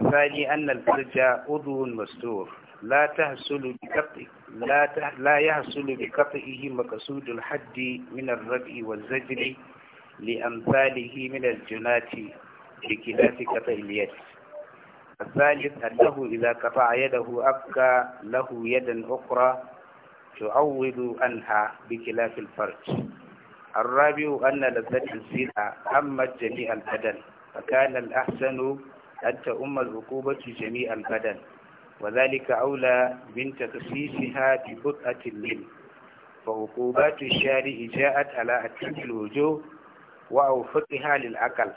الثاني أن الفرج عضو مستور لا تحصل بقطع لا لا يحصل بقطعه مقصود الحد من الردع والزجر لأمثاله من الجنات بكلاف قطع اليد الثالث أنه إذا قطع يده أبقى له يدا أخرى تعوض عنها بكلاف الفرج الرابع أن لذة الزنا عمت جميع البدن فكان الأحسن أن تؤم العقوبة جميع البدن وذلك أولى من تخصيصها ببقعة منه فعقوبات الشارع جاءت على أتم الوجوه وأوفقها للعقل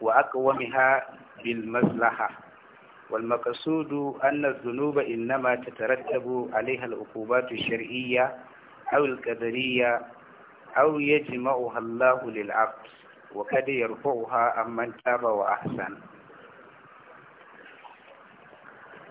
وأقومها بالمصلحة والمقصود أن الذنوب إنما تترتب عليها العقوبات الشرعية أو القدرية أو يجمعها الله للعقل وقد يرفعها عمن تاب وأحسن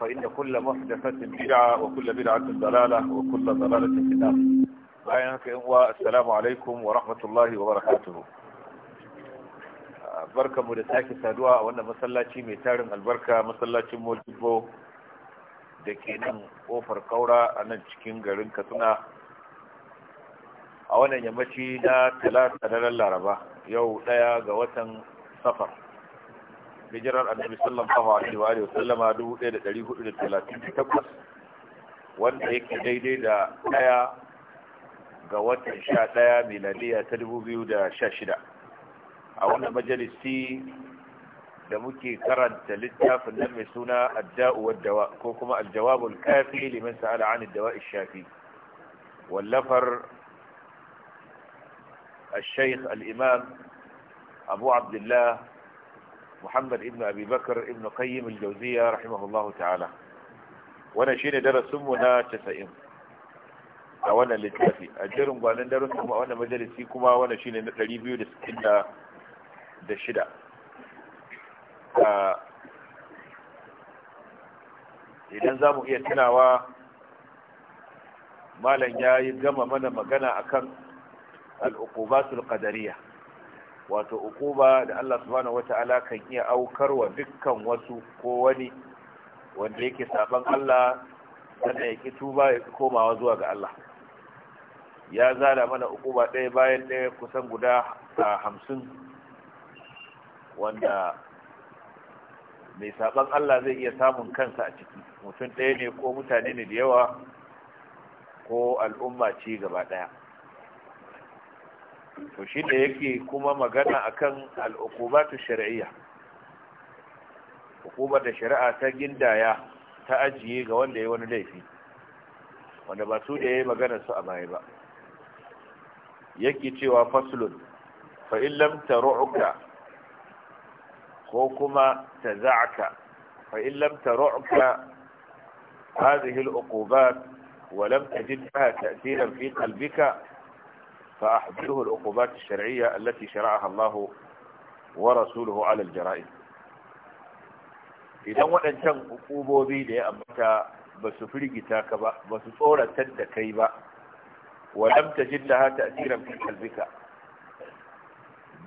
فإن كل محدثة بدعة وكل بدعة ضلالة وكل ضلالة في النار أيهك السلام عليكم ورحمة الله وبركاته barka mu da sake saduwa a wannan masallaci mai tarin albarka masallacin mojibo da ke nan kofar kaura a nan cikin garin katsina a wannan yammaci na talata daren laraba yau ɗaya ga watan safar hijirar annabi sallallahu alaihi wa sallama 1438 wanda yake daidai da daya ga watan 11 miladiya ta 2016 a wannan majalisi da muke karanta littafin nan mai suna adda'u wadda ko kuma aljawabul kafi liman sa'ala an addawa'i shafi wallafar الشيخ الإمام أبو عبد الله muhammad ibn abi bakar ibn qayyim al-jawziya rahimahullahu ta'ala wannan shine darasin mu na 90 a wannan littafi a jirin gwanin darasin mu a wannan majalisi kuma wannan shine na 266 idan za mu iya tunawa malam ya yi gama mana magana akan al'ukubatul qadariya wato ukuba da Allah subhanahu wata'ala kan iya aukarwa dukkan wasu ko wani wanda yake saban Allah sannan ya ki tuba ya komawa zuwa ga Allah ya zala mana ukuba ɗaya bayan ɗaya kusan guda a hamsin wanda mai saban Allah zai iya samun kansa a ciki mutum ɗaya ne ko mutane ne da yawa ko al'umma ce gaba ɗaya to shi da yake kuma magana akan al'ukubatu shari'iyya hukumar da shari'a ta gindaya ta ajiye ga wanda ya wani laifi wanda ba su da ya yi maganar su a baya ba yake cewa faslun fa'in lam ta ko kuma ta za'aka fa'in lam ta ru'uka هذه العقوبات ولم تجد لها تأثيرا في قلبك فأحضره العقوبات الشرعية التي شرعها الله ورسوله على الجرائم idan waɗancan hukubobi da ya ambata ba su firgita ka ba ba su tsoratar da kai ba walam ta jin laha ta asiran fi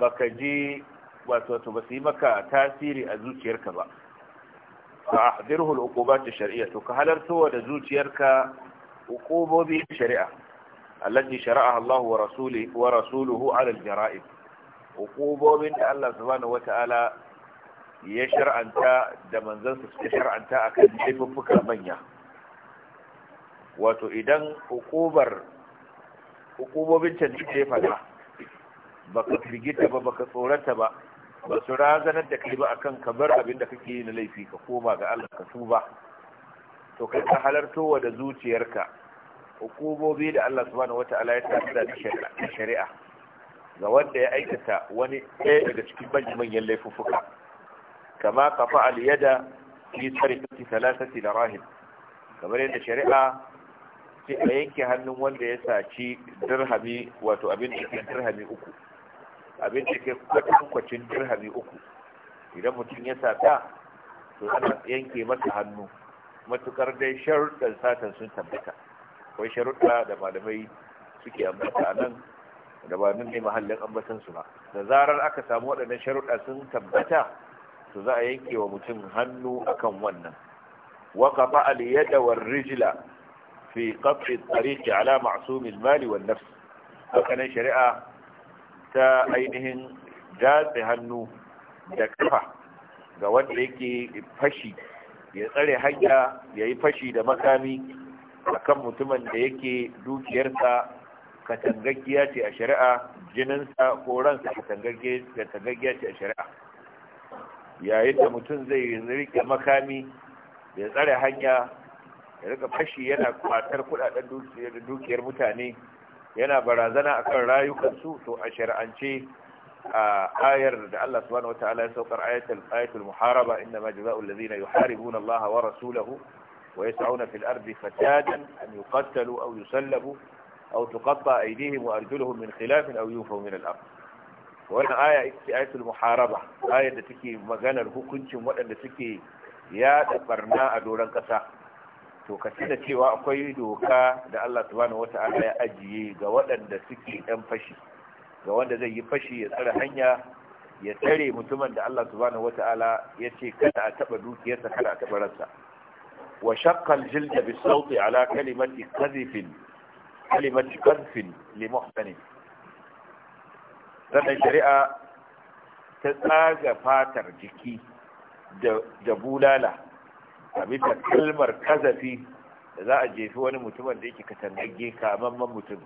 ba ka je wato ba su maka tasiri a zuciyarka ba ka a al-uqubat ash-shar'iyya to ka zuciyarka shari'a allati shara'aha Allah wa rasuluhu wa rasuluhu ala al-jara'ib hukubobin da Allah subhanahu wata'ala ya shar'anta da manzansa suka shar'anta akan laifuffuka manya wato idan hukubar hukubobin can ce fada baka firgita ba baka tsorata ba ba su razanar da kai ba akan kabar abin da kake yi na laifi ka koma ga Allah ka tuba to kai ka halartowa da zuciyarka hukumobi da Allah subhanahu wata'ala ya tsada da shari'a ga wanda ya aikata wani ɗaya daga cikin manyan laifuffuka kama kafa aliyada fi sarifati salasati da rahim kamar yadda shari'a ce a yanke hannun wanda ya saci dirhami wato abin da ke dirhami uku abin da ke kwatankwacin dirhami uku idan mutum ya sata to ana yanke masa hannu matukar dai sharuɗan satan sun tabbata akwai sharuɗa da malamai suke ambata nan da ba nan ne mahallin su ba da zarar aka samu waɗannan sharuɗa sun tabbata to za a yanke wa mutum hannu akan wannan wa qata al yada Rijila fi qat'i tariq ala ma'sum mali wan nafs haka nan shari'a ta ainihin datse hannu da kafa ga wanda yake fashi ya tsare hanya ya yi fashi da makami akan mutumin da yake dukiyarsa katangaggiya ce a shari'a jininsa ko ransa katangaggiya ce a shari'a yayin da mutum zai rike makami ya tsare hanya ya rika fashi yana kwatar kudaden dukiyar mutane yana barazana akan rayukansu to a shari'ance a ayar da Allah subhanahu wataala ya saukar ayatul muharaba inna ma jazaa'u allazina yuharibuna Allah wa rasulahu ويسعون في الأرض فسادا أن يقتلوا أو يسلبوا أو تقطع أيديهم وأرجلهم من خلاف أو ينفوا من الأرض wannan aya ita ayatul muharaba ayar da take maganar hukuncin waɗanda suke yaɗa barna a doron ƙasa to ka da cewa akwai doka da Allah subhanahu wata'ala ya ajiye ga waɗanda suke ɗan fashi ga wanda zai yi fashi ya tsare hanya ya tsare mutumin da Allah subhanahu ya ce kada a taɓa dukiyarsa kada a taɓa ransa wa shaqqa al-jild bis ala kalimati kadhif kalimati kadhif sannan shari'a ta tsaga fatar jiki da bulala a bisa kalmar kazafi da za a jefi wani mutumin da yake katangagge kamamman mutum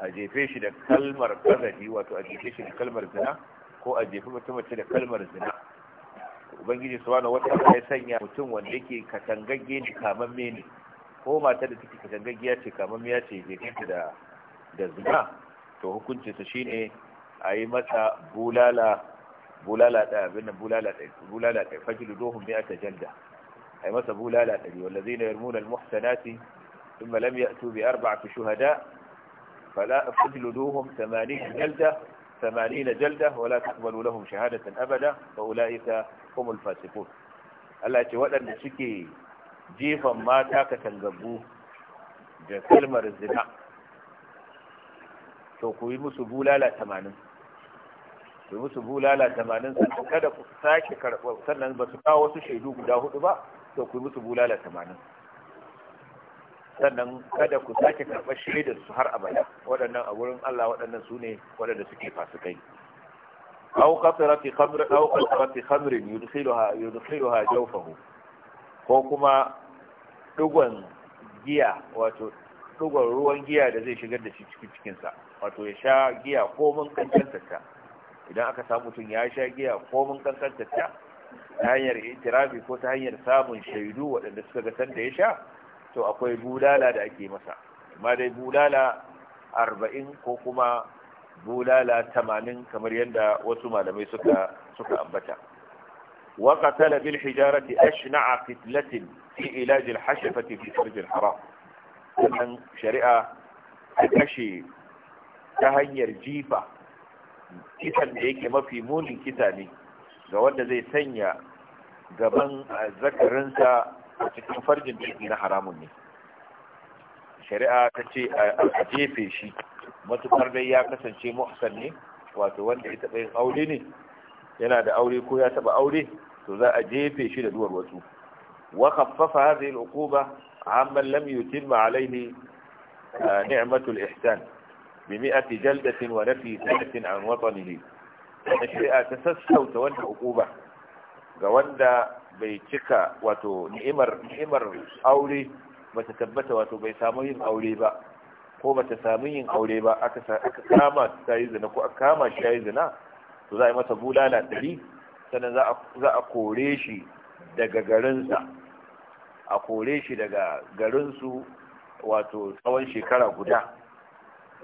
a jefe shi da kalmar kazafi wato a jefe shi da kalmar zina ko a jefi mutum da kalmar zina ubangiji subhanahu wataala ya sanya mutum wanda yake katangagge ne kamar ne ko mata da take ya ce ya ce bai kanta da da zina to hukuncin sa shine a yi mata bulala bulala da abin nan bulala da bulala da fajilu dohum bi atajalda a yi masa bulala da wallazina yarmuna almuhsanati thumma lam ya'tu bi arba'ati shuhada fala fajluduhum 80 jalda ثمانين جلدة ولا تقبل لهم شهادة أبدا فأولئك هم الفاسقون Allah ce waɗanda suke jifan mata ka tangabbu da kalmar zina to ku musu bulala tamanin musu bulala tamanin sannan kada ku sake karɓar sannan ba su kawo wasu shaidu guda hudu ba to ku yi musu bulala tamanin sannan kada ku sake karɓar shaidar su har abada waɗannan a wurin Allah waɗannan su ne waɗanda suke fasikai aw qatrati khamr aw qatrati khamr yudkhiluha yudkhiluha jawfahu ko kuma dugon giya wato dugon ruwan giya da zai shigar da shi cikin cikin sa wato ya sha giya ko mun kankanta ta idan aka samu mutum ya sha giya ko mun kankanta ta ta hanyar itirafi ko ta hanyar samun shaidu waɗanda suka ga sanda ya sha to akwai bulala da ake masa amma dai bulala arba'in ko kuma bulala tamanin kamar yadda wasu malamai suka suka ambata wa qatala bil hijarati ashna'a fitlatin fi ilaj al fi farj haram wannan shari'a ta kashe ta hanyar jifa kitan da yake mafi munin kita ne ga wanda zai sanya gaban eh, zakarinsa a cikin farjin da na haramun ne shari'a ta ce a jefe shi matukar dai ya kasance muhsan ne wato wanda ya taɓa yin aure ne yana da aure ko ya taɓa aure to za a jefe shi da duwar wasu wa khaffafa hadhihi al-uquba amman lam yutimma alayhi ni'matu al-ihsan bi mi'ati jaldatin wa nafi sa'atin an watanihi shari'a ta sassauta wannan uquba ga wanda bai cika wato ni'imar ni'imar aure bata tabbata wato bai samu yin aure ba ko bata samu yin aure ba aka kama shi ta yi zina ko aka kama shi ya yi zina to za a yi masa bulala ɗari sannan za a kore shi daga garinsa a kore shi daga garinsu wato tsawon shekara guda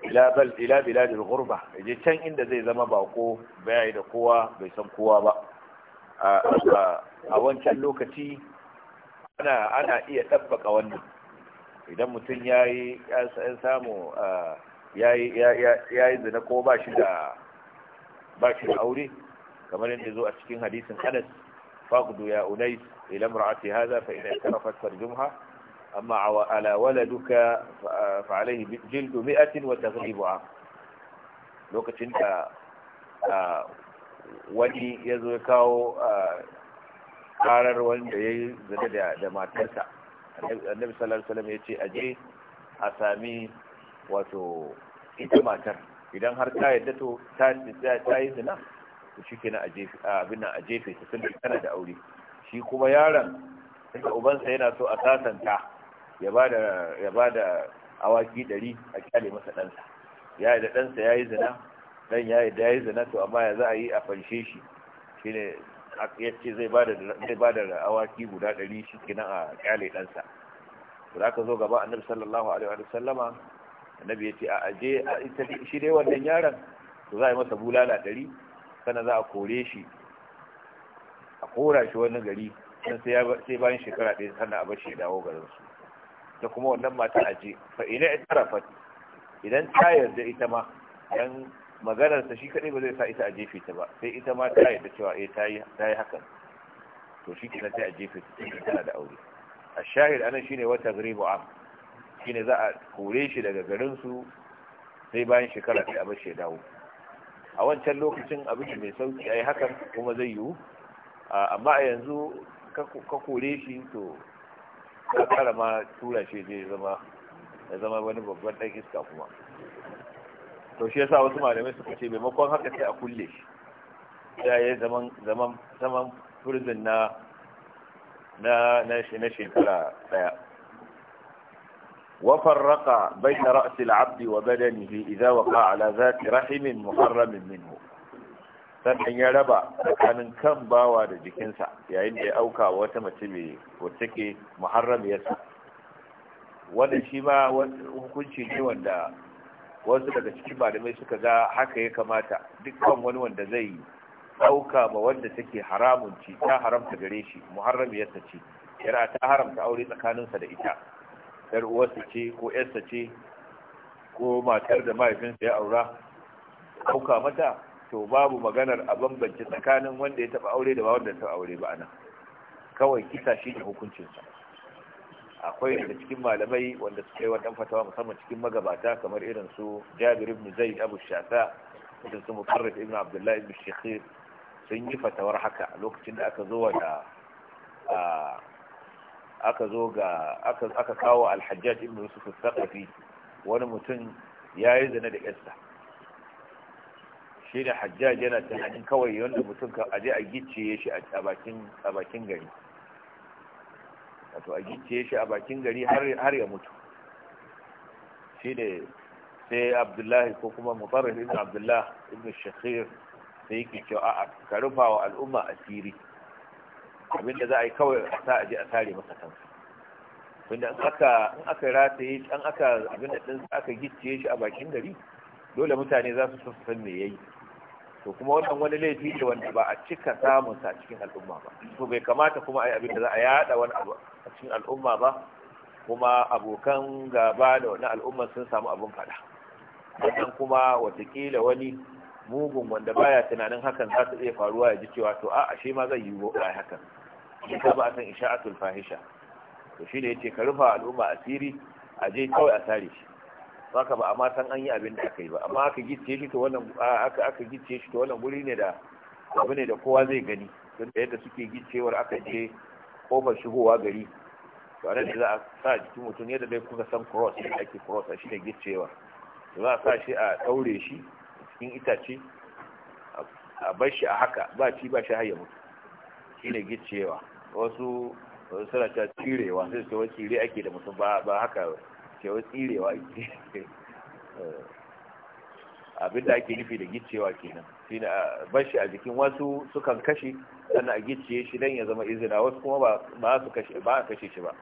ila biladil gurba je can inda zai zama bako bai da kowa bai san kowa ba a wancan lokaci ana ana iya tabbaka wannan idan mutum ya yi samu ya yi zina ko ba shi da aure kamar yadda zo a cikin hadisin anas fagudu ya unai, ila imra'ati haza fa in i'tarafat farjumha amma ala waladuka fa alayhi jildu mi'atin wa a. lokacin da wani ya zo ya kawo karar wanda ya yi zane da matarsa annabi sallallahu alaihi ya ce a je a sami wato ita matar idan har ta yadda to ta yi zina to shi ke na a jefe ta sun tana da aure shi kuma yaron da ubansa yana so a sasanta ya ba da awaki ɗari a kyale masa ɗansa ya yi da ɗansa ya yi zina ɗan ya yi da ya yi zina to amma ya za a yi a fanshe shi ne ya ce zai ba da awaki guda ɗari shi kina a ƙyale ɗansa da aka zo gaba a Nabi sallallahu alaihi wa sallama Nabi ya ce a aje shi dai wannan yaron to za a yi masa bulala ɗari sannan za a kore shi a kora shi wani gari sun sai bayan shekara ɗaya sannan a bashi dawo garin su da kuma wannan mata aje fa ina itarafat idan ta yarda ita ma dan maganarsa shi kadai ba zai sa ita a jefe ta ba sai ita ma ta yi da cewa eh ta yi hakan to shi kenan sai a jefe ta tana da aure a shahid anan shine wata gribu am shine za a kore shi daga garin su sai bayan shekara sai a bashi dawo a wancan lokacin abin mai sauki ai hakan kuma zai yiwu amma a yanzu ka kore shi to ka kara ma tura shi zai zama ya zama wani babban ɗan iska kuma to shi yasa wasu malamai suka ce maimakon haka sai a kulle shi ya yi zaman zaman zaman prison na na na shi na shekara daya وفرق بين رأس العبد وبدنه إذا وقع على ذات rahimin muharramin منه sannan ya raba tsakanin kan bawa da jikinsa yayin da ya auka wata mace mai wacce ke muharram yasa wanda shi ma hukunci ne wanda wasu daga cikin malamai suka ga haka ya kamata dukkan wani wanda zai yi ɗauka ma wanda take haramun ci ta haramta gare shi muharramiyarsa ce yara ta haramta aure tsakaninsa da ita yar uwarsa ce ko yarsa ce ko matar da mahaifinsa ya aura ɗauka mata to babu maganar a bambance tsakanin wanda ya taba aure da ba wanda ya taɓa aure ba ana kawai kisa shi ne hukuncinsa akwai daga cikin malamai wanda suka yi wannan fatawa musamman cikin magabata kamar irin su Jabir ibn Zaid Abu shata da su Mutarrif ibn Abdullah ibn Shikhir sun yi fatawar haka lokacin da aka zo da aka zo ga aka kawo Al-Hajjaj ibn Yusuf al wani mutum ya yi zina da yarsa shi da Hajjaj yana tunanin kawai wanda mutum ka aje a gicciye shi a bakin a bakin gari wato a gicciye shi a bakin gari har ya mutu shi ne sai abdullahi ko kuma mutarar ibn abdullahi ibn shakir sai yake kyau, a ka rufa wa al'umma a siri abinda za a yi kawai a sa a je a tare masa kansa tunda an aka in aka rataye shi an aka abinda din aka gicciye shi a bakin gari dole mutane za su san me yayi to kuma wannan wani laifi ne wanda ba a cika samun sa a cikin al'umma ba to bai kamata kuma a yi abin da za a yada wani abu a cikin al'umma ba kuma abokan gaba da wani al'umma sun samu abin fada wannan kuma watakila wani mugun wanda baya tunanin hakan za su iya faruwa ya ji cewa to a ashe ma zai yiwu ba hakan ita ba a san isha'atul fahisha to ya ce ka rufa al'umma asiri a je kawai a sare shi haka ba amma san an yi abin da aka yi ba amma aka gicce shi to wannan aka aka gicce shi to wannan guri ne da abu ne da kowa zai gani don da yadda suke giccewar aka je kofar shigowa gari to anan ne za a sa jikin mutum yadda dai kuka san cross ne ake cross shi ne giccewar to za a sa shi a daure shi cikin itace a bar shi a haka ba ci ba shi har ya mutu shi ne giccewa wasu suna ta cirewa sai su wasu cire ake da mutum ba haka gicewa tsirewa ake abin da ake nufi da gicewa kenan shi bashi a jikin wasu sukan kashe sannan a gicciye shi don ya zama izina wasu kuma ba su kashe ba a kashe shi ba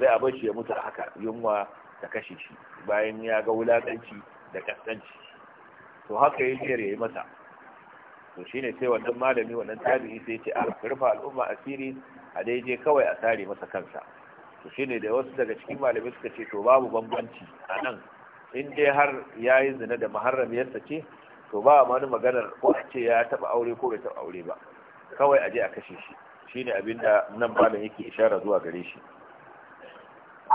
zai a bashi ya mutu a haka yunwa ta kashe shi bayan ya ga wulaƙanci da ƙasƙanci to haka ya shiyar ya yi masa to shine sai wannan malami wannan tabi'i sai ce a ah, rufa al'umma asiri a daidai kawai a sare masa kansa to ne da wasu daga cikin malamai suka ce to babu bambanci a nan in dai har ya yi zina da maharramiyarsa ce to ba wani maganar ko a ce ya taba aure ko bai taba aure ba kawai a je a kashe shi shine abin da nan malam yake ishara zuwa gare shi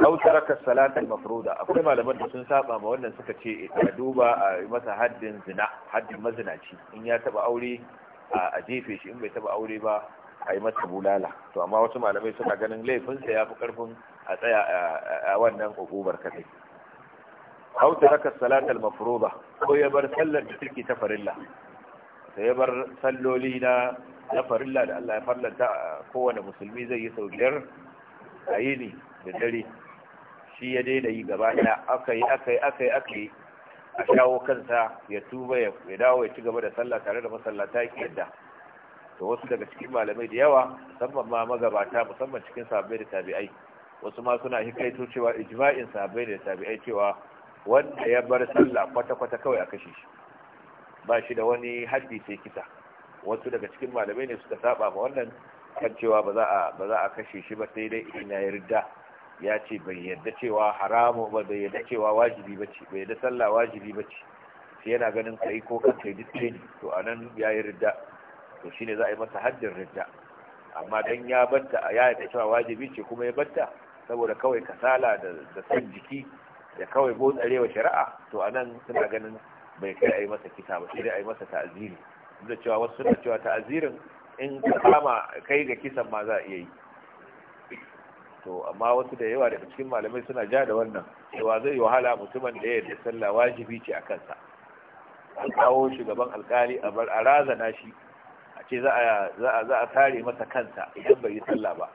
aw taraka salatal mafruda akwai malaman da sun saba ma wannan suka ce eh, a duba a masa haddin zina haddin mazinaci in ya taba aure a jefe shi in bai taba aure ba a yi masa bulala to amma wasu malamai suna ganin laifinsa ya fi karfin a tsaya a wannan hukumar kadai hau raka salatal mafuroba. ko ya bar sallar da take ta farilla sai ya bar salloli na na farilla da Allah ya farlanta kowane musulmi zai yi sau biyar a yini da dare shi ya daina yi gaba ɗaya aka yi aka yi aka yi aka yi a shawo kansa ya tuba ya dawo ya ci gaba da sallah tare da masallata yake yadda to wasu daga cikin malamai da yawa musamman ma magabata musamman cikin sahabbai da tabi'ai wasu ma suna hikaito cewa ijma'in sahabbai da tabi'ai cewa wanda ya bar sallah kwata-kwata kawai a kashe shi ba shi da wani haddi sai kisa wasu daga cikin malamai ne suka saba ma wannan kan cewa ba za a kashe shi ba sai dai ina yarda ya ce bai yarda cewa haramu ba bai yarda cewa wajibi ba ce bai yarda sallah wajibi ba ce yana ganin kai ko kan kai to anan ya yarda to shine za a yi masa haddin ridda amma dan ya batta ya yi cewa wajibi ce kuma ya batta saboda kawai kasala da da san jiki da kawai tsarewa shari'a to anan suna ganin bai kai a yi masa kisa ba sai dai a yi masa ta'aziri da cewa wasu suna cewa ta'azirin in ka kama kai ga kisan ma za a iya yi to amma wasu da yawa daga cikin malamai suna ja da wannan cewa zai yi wahala mutumin da ya yarda sallah wajibi ce a kansa an kawo shugaban alkali a bar a razana shi ce za a tare masa kanta idan bai yi sallah ba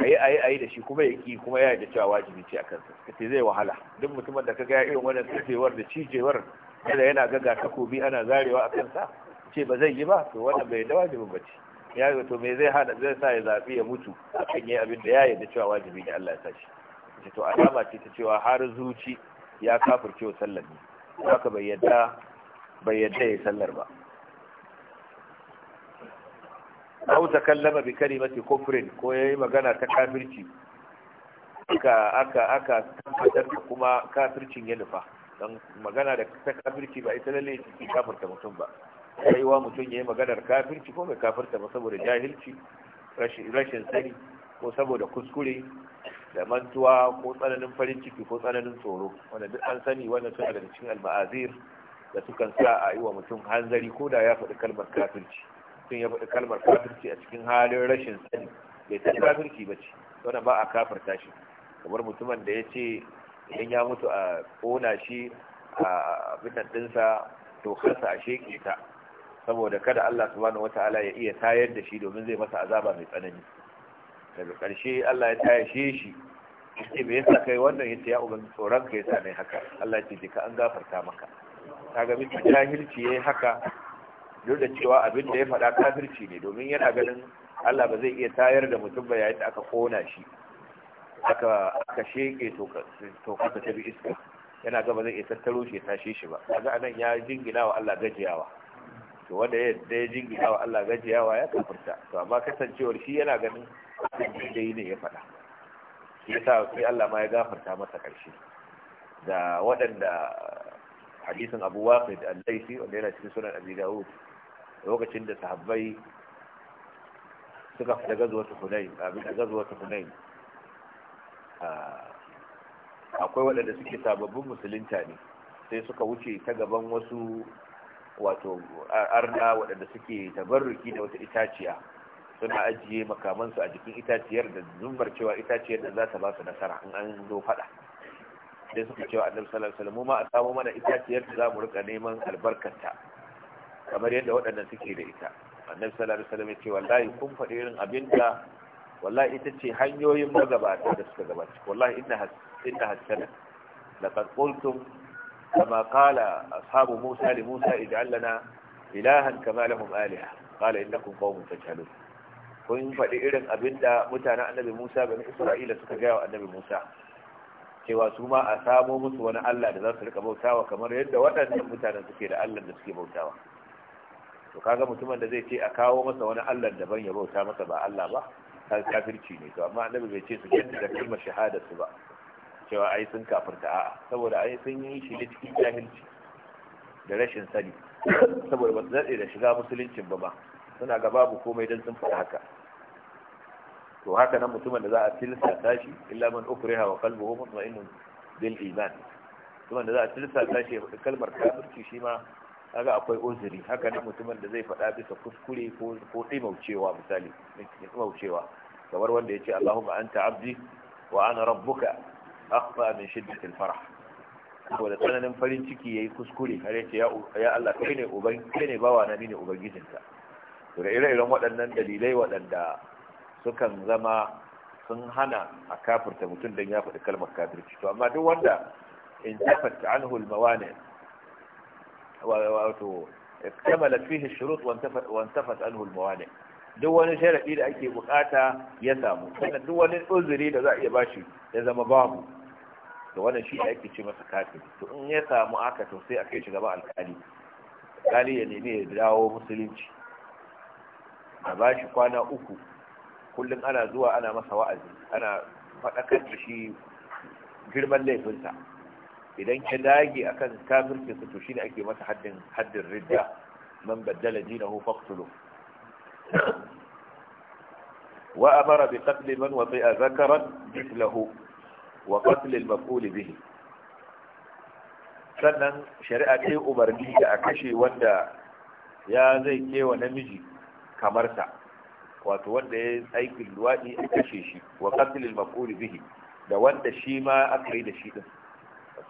a yi a yi da shi kuma ya kuma ya yi da cewa wajibi ce a kansa kace ce zai wahala duk mutumin da ka ga irin wannan tsifewar da cijewar da yana gaga takobi ana zarewa a kansa ce ba zai yi ba to wannan bai da wajibi ba ce ya yi to me zai hada zai sa ya zaɓi ya mutu akan yi abin da ya yi da cewa wajibi ne Allah ya sa shi ce to alama ce ta cewa har zuci ya kafirce wa sallar ne haka bai yadda bai yadda ya sallar ba au takallama bi kalimati kufrin ko yayi magana ta kafirci aka aka aka tabbatar da kuma kafircin ya nufa don magana da ta kafirci ba ita lalle ce kafirta mutum ba sai wa mutum yi maganar kafirci ko mai kafirta ba saboda jahilci rashin sani ko saboda kuskure da mantuwa ko tsananin farin ciki ko tsananin tsoro wanda duk an sani wannan suna daga cikin alma'azir da sukan sa a yi wa mutum hanzari ko da ya faɗi kalmar kafirci mutum ya faɗi kalmar kafirci a cikin halin rashin sani bai ta kafirci ba ce wannan ba a kafirta shi kamar mutumin da ya ce idan ya mutu a ƙona shi a bitan ɗinsa to kansa a sheƙe ta saboda kada Allah subhanahu wata'ala ya iya tayar da shi domin zai masa azaba mai tsanani daga ƙarshe Allah ya tayar shi shi. ce me yasa kai wannan yace ya ubangi tsoron ka yasa ne haka Allah ya ce ka an gafarta maka kaga mutum jahilci yayi haka duk da cewa abin da ya faɗa kafirci ne domin yana ganin Allah ba zai iya tayar da mutum ba yayin da aka kona shi aka aka sheke toka ta bi iska yana ba zai iya tattaro shi tashe shi ba kaga anan ya jingina wa Allah gajiyawa to wanda ya da jingina wa Allah gajiyawa ya kafirta to amma kasancewar shi yana ganin dai ne ya faɗa yasa sai Allah ma ya gafarta masa karshe da waɗanda hadisin Abu Waqid al-Laythi wanda yana cikin sunan Abi Dawud lokacin da sahabbai suka fita gazuwar hunain abin da gazuwar kunai, akwai waɗanda suke sababbin musulunta ne sai suka wuce ta gaban wasu wato arna waɗanda suke tabarruki da wata itaciya suna ajiye makamansu a jikin itaciyar da zumbar cewa itaciyar da za ta ba su nasara in an zo faɗa sai suka cewa annabi sallallahu alaihi wasallam ma a samu mana itaciyar da za mu rika neman albarkarta kamar yadda waɗannan suke da ita annabi sallallahu alaihi wasallam ya ce wallahi kun faɗi irin abinda wallahi ita ce hanyoyin magabata da suka gabata wallahi inna inna hasana laqad qultum kama qala ashabu musa li musa ij'al lana ilahan kama lahum aliha qala innakum qaumun tajhalun kun faɗi irin abinda mutanen annabi musa bani isra'ila suka gaya wa annabi musa cewa su ma a samo musu wani allah da za su rika bautawa kamar yadda waɗannan mutanen suke da allah da suke bautawa to kaga mutumin da zai ce a kawo masa wani Allah daban ya bauta masa ba Allah ba kan kafirci ne to amma annabi bai ce su yadda da kalmar shahada su ba cewa ai sun kafirta a'a saboda ai sun yi shi da cikin jahilci da rashin sani saboda ba su daɗe da shiga musuluncin ba ma suna ga babu komai don sun faɗa haka to haka nan mutumin da za a tilsa tashi illa man ukriha wa qalbuhu mutma'innun bil iman mutumin da za a tilsa tashi kalmar kafirci shi ma kaga akwai uzuri haka ne mutumin da zai faɗa bisa kuskure ko ko dimaucewa misali dimaucewa kamar wanda yace Allahumma anta abdi wa ana rabbuka akhfa min shiddatil farah da tsananin farin ciki yayi kuskure har yace ya ya Allah kai ne uban kai ne bawa na ni ne ubangijinka to da ire-iren waɗannan dalilai waɗanda sukan zama sun hana a kafirta mutum dan ya faɗi kalmar kafirci to amma duk wanda in tafatta anhu al-mawani' wato kamala fihi shurut wa antafat anhu almawani duk wani sharadi da ake bukata ya samu sannan duk wani uzuri da za a iya bashi ya zama babu to wannan shi ake ce masa kafin to in ya samu aka to sai a kai shi gaba alkali alkali ya nemi ya dawo musulunci a bashi kwana uku kullum ana zuwa ana masa wa'azi ana faɗakar da shi girman laifinsa idan ya dage akan kafirci su to shine ake masa haddin haddin ridda man baddala dinahu faqtulu wa amara bi qatl man wati'a zakaran mithlahu wa qatl al maf'ul bihi sannan shari'a ce ubarni da a kashe wanda ya zai kewa namiji kamar sa wato wanda ya aikin luwadi a kashe shi wa qatl al maf'ul bihi da wanda shi ma aka yi da shi din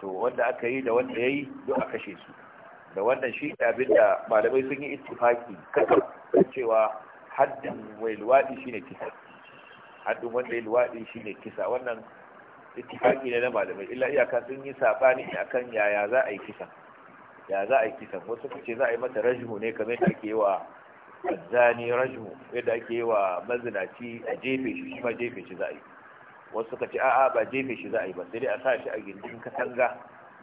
to wanda aka yi da wanda ya yi duk a kashe su da wannan shi ne abin da malamai sun yi ittifaki kasa cewa haddin mai luwaɗi shine kisa haddin wanda ya luwaɗi shine kisa wannan ittifaki ne na malamai illa iyaka sun yi a akan yaya za a yi kisa ya za a yi kisa. wasu kace za a yi mata rajmu ne kamar yadda ake yi wa azzani rajmu yadda ake yi wa mazinaci a jefe shi shi ma jefe shi za a yi wasu suka ce a'a ba jefe shi za a yi ba sai dai a sa shi a gindin katanga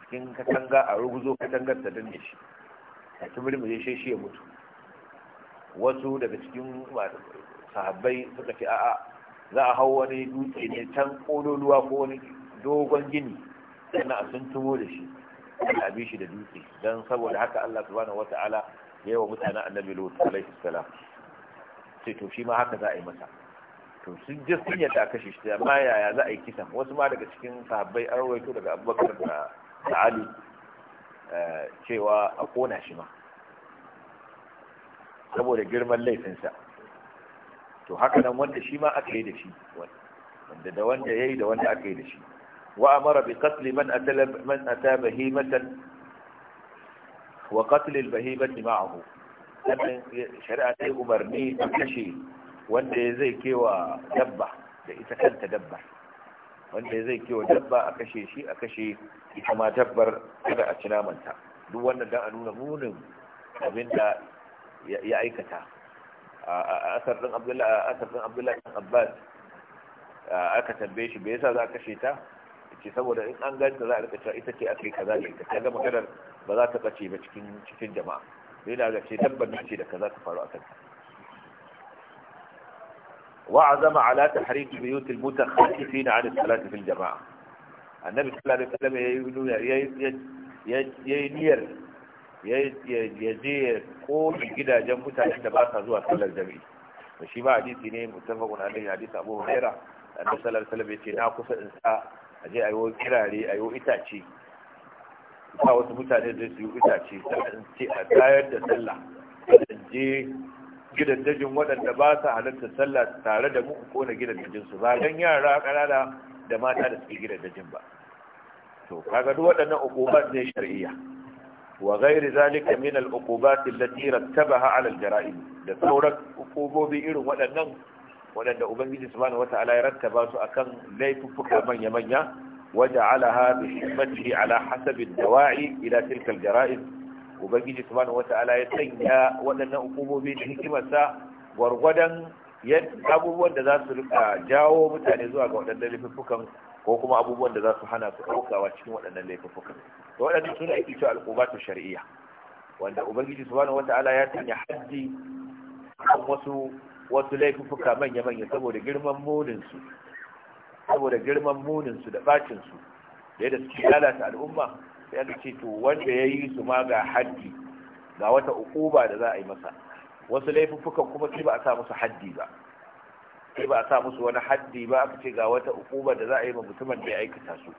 cikin katanga a ruguzo katangar ta danne shi a tumuri mu je shi ya mutu wasu daga cikin sahabbai suka ce a'a za a hau wani dutse ne can kololuwa ko wani dogon gini sannan a sun tumo da shi a bi shi da dutse don saboda haka Allah subhanahu wata'ala ya yi wa mutanen annabi lutu alaihi salam sai to shi ma haka za a yi masa to sun je sun yadda a kashe shi amma yaya za a yi kisan wasu ma daga cikin sahabbai an rawaito daga abubakar da ali eh, cewa a kona shi ma saboda girman laifinsa to haka nan wanda shi ma aka yi da shi wanda da wanda ya yi da wanda aka yi da shi wa amara bi qatl man atala man ata bahimatan wa qatl al bahimati ma'ahu sannan shari'a ta umarni a kashe wanda ya zai kewa dabba da ita kanta dabba wanda ya zai kewa dabba a kashe shi a kashe ita ma dabbar kada a ci namanta duk wannan dan a nuna munin abin da ya aikata a asar din abdullahi ɗan abbas aka tambaye shi bai yasa za a kashe ta ce saboda in an da za a rika cewa ita ce aka yi kaza da ita ta gama kadar ba za ta bace ba cikin cikin jama'a yana da ga ce na ce da kaza ta faru a kanta وعزم على تحريم بيوت المتخلفين عن الصلاة في الجماعة النبي صلى الله عليه وسلم ينير yaje koyi gidajen mutanen da ba sa zuwa sallar jami'i da shi ba ne mutafakun alaihi hadisi abu na kusa in sa aje ayo kirare da su yi Gidajen waɗanda ba su halarta sallah tare da mu ko na su ba dan yara ƙanana da mata da suke gidajen ba to kaga duk waɗannan uqubat ne shar'iyya wa ghairi zalika min al uqubat allati rattabaha ala al jara'im da sauran uqubobi irin waɗannan waɗanda ubangiji subhanahu wata'ala ya rattaba su akan laifuffuka manya manya waja'alaha bi hikmatihi ala hasabi dawa'i ila tilka al jara'im ubangiji subhanahu wata'ala ya sanya waɗannan hukumomi da hikimarsa gwargwadon abubuwan da za su rika jawo mutane zuwa ga waɗannan laifuffukan ko kuma abubuwan da za su hana su ɗaukawa cikin waɗannan laifuffukan to waɗannan suna ake cewa alƙubatu shari'iyya wanda ubangiji subhanahu wata'ala ya sanya haddi kan wasu wasu laifuffuka manya-manya saboda girman muninsu saboda girman su da su da yadda suke lalata al'umma sai aka to wanda ya yi su ma ga haddi ga wata ukuba da za a yi masa wasu laifuffukan kuma sai ba a sa musu haddi ba sai ba a sa musu wani haddi ba aka ce ga wata ukuba da za a yi ma mutumin da ya aikata su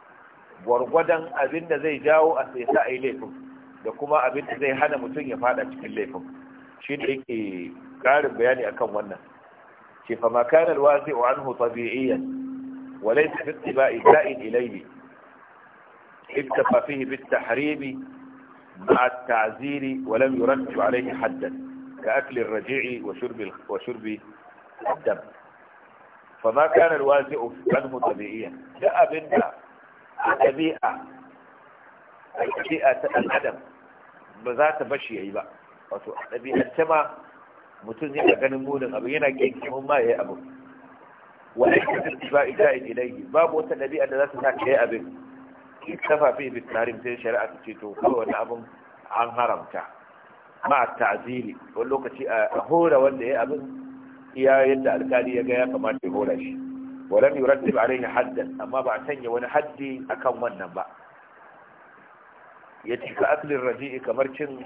gwargwadon abin da zai jawo a sai sa a yi laifin da kuma abin da zai hana mutum ya fada cikin laifin shi da yake karin bayani akan wannan ce fa ma kana alwasi wa anhu tabi'iyan wa laysa bi ittiba'i ilayhi التقى فيه بالتحريم مع التعزير ولم يرتب عليه حدا كأكل الرجيع وشرب وشرب الدم فما كان الوازع عنه طبيعيا جاء بنا الطبيعة الطبيعة الأدم بذات بشي أي بقى الطبيعة كما mutum yana ganin munin abu yana kinkimin ما ya yi abu wa aikata ba ita ilaihi babu kafa fi bi tarim sai shari'a ta ce to kawai wani abin an haramta ma ta'ziri wani lokaci a hora wanda ya abin iya yadda alkali ya ga ya kamata ya hora shi walam yurattib alaihi haddan amma ba a sanya wani haddi akan wannan ba ya cika aklin raji'i kamar cin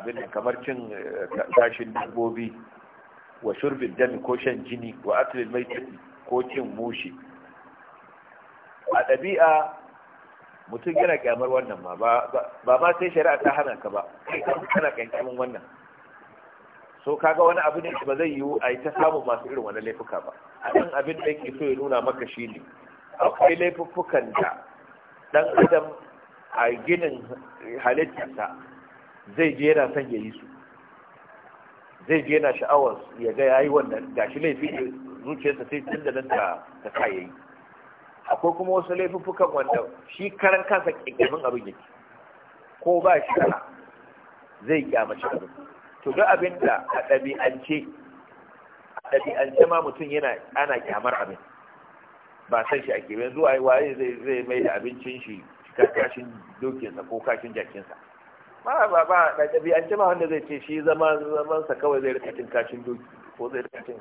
abin kamar cin eh, gashin dabbobi wa shurbin dami ko shan jini wa aklin mai ko cin mushi a ɗabi'a mutum yana kyamar wannan ma ba ma sai shari'a ta hana ka ba kana kyankyamin wannan so kaga wani abu ne ba zai yiwu a yi ta samun masu irin wani laifuka ba a ɗan abin da yake so ya nuna maka shi ne akwai laifukan da ɗan adam a ginin halittarsa zai je yana son ya yi su zai je yana sha'awar ya ga ya yi wannan gashi laifi zuciyarsa sai tun da nan ta ta yayi akwai kuma wasu laifuffukan wanda shi karan kansa kyakkyamin abin yake ko ba shi kana zai kyamaci abin to duk abin da a ɗabi'ance a ɗabi'ance ma mutum yana ana kyamar abin ba san shi ake yanzu zuwa waye zai zai mai da abincin shi kashin dokinsa ko kashin jakinsa ba ba ba da ɗabi'ance ma wanda zai ce shi zama zamansa kawai zai rika kashin doki ko zai rika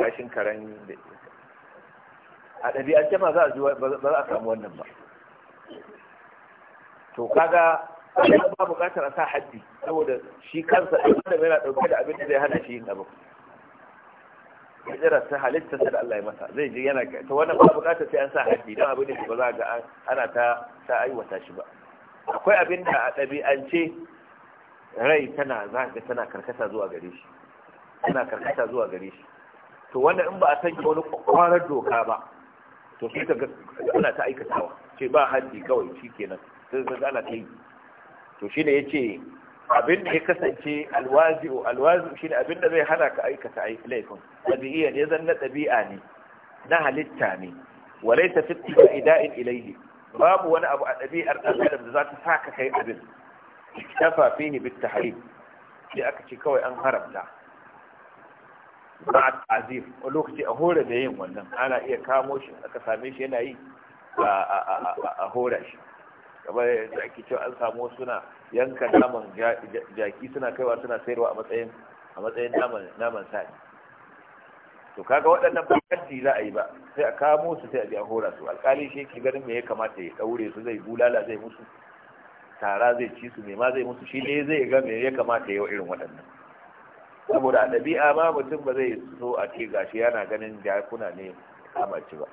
kashin karen a ɗabi'ance ma za a samu wannan ba to kaga ya ba bukatar a sa haddi saboda shi kansa ɗan adam yana ɗauke da abin da zai hana shi yin abin hijira ta halitta da Allah ya masa zai je yana ta wannan ba bukatar sai an sa haddi don abin da ba za ga ana ta ta aiwata shi ba akwai abin da a ɗabi'ance rai tana za ga tana karkata zuwa gare shi tana karkata zuwa gare shi to wannan in ba a sanya wani kwarar doka ba to sai kaga ana ta aikatawa ce ba haddi kawai shi shikenan sai kaga ana ta yi to shi ne ya ce abin da ya kasance alwazi'u alwazi'u ne abin da zai hana ka aikata laifin tabi'iyya ne zan na ɗabi'a ne na halitta ne walaysa fi ibtida'in ilayhi babu wani abu a ɗabi'ar ɗan adam da za ta sa ka kai abin shafa fihi bit tahrim sai aka ce kawai an haramta a azif a lokaci a hore da yin wannan ana iya kamo shi aka same shi yana yi a hora shi kamar da ake cewa an samu suna yanka naman jaki suna kaiwa suna sayarwa a matsayin a matsayin naman naman to kaga waɗannan bakanti za a yi ba sai a kamo su sai a biya hora su alƙali shi ke ganin me ya kamata ya ɗaure su zai bulala zai musu tara zai ci su me ma zai musu shi ne zai ga me ya kamata ya yi irin waɗannan saboda a ɗabi'a ma mutum ba zai so a ce gashi yana ganin jakuna ne kamaci ba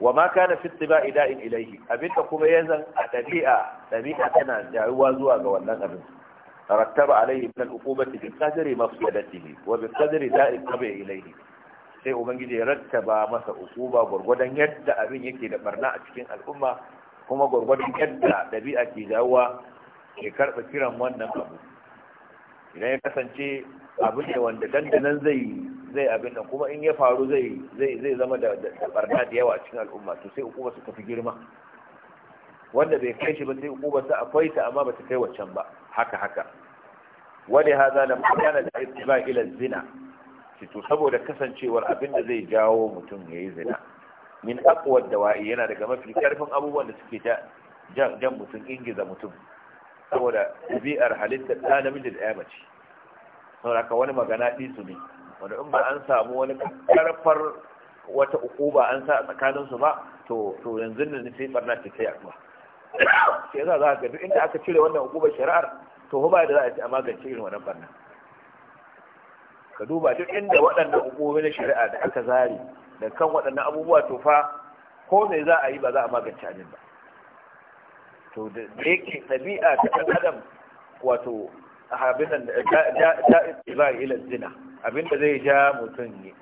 wa ma kana fi tiba ida'in ilaihi abinda kuma ya zan a ɗabi'a ɗabi'a tana jaruwa zuwa ga wannan abin rattaba alaihi min al-uqubati bi qadri mafsadatihi wa bi qadri da'in tabi'i ilaihi sai ubangiji ya rattaba masa ukuba gurgudan yadda abin yake da barna a cikin al'umma kuma gurgudan yadda ɗabi'a ke jawowa ke karɓa kiran wannan abu idan ya kasance abin da wanda dandanan zai zai abin nan kuma in ya faru zai zai zai zama da barna da yawa cikin al'umma to sai hukuma su tafi girma wanda bai kai shi ba sai hukuma su akwai ta amma ba ta kai waccan ba haka haka wani haza da magana da ba ila zina to saboda kasancewar abin da zai jawo mutum ya yi zina min aqwa dawa'i yana daga mafi karfin abubuwan da suke jan mutum ingiza mutum saboda ɗabi'ar halitta ta namiji da ya mace saboda ka wani magana ɗisu ne wanda in ba an samu wani karfar wata uku ba an sa a tsakaninsu ba to to yanzu ne sai barna ta kai akwa sai za za ga duk inda aka cire wannan ukubar shari'ar to ba da za a ci a magance irin wannan barna ka duba duk inda waɗannan ukubobi na shari'a da aka zare da kan waɗannan abubuwa to fa ko me za a yi ba za a magance abin ba to da yake ɗabi'a ta ɗan adam wato abin da ba ila zina abin da zai ja mutum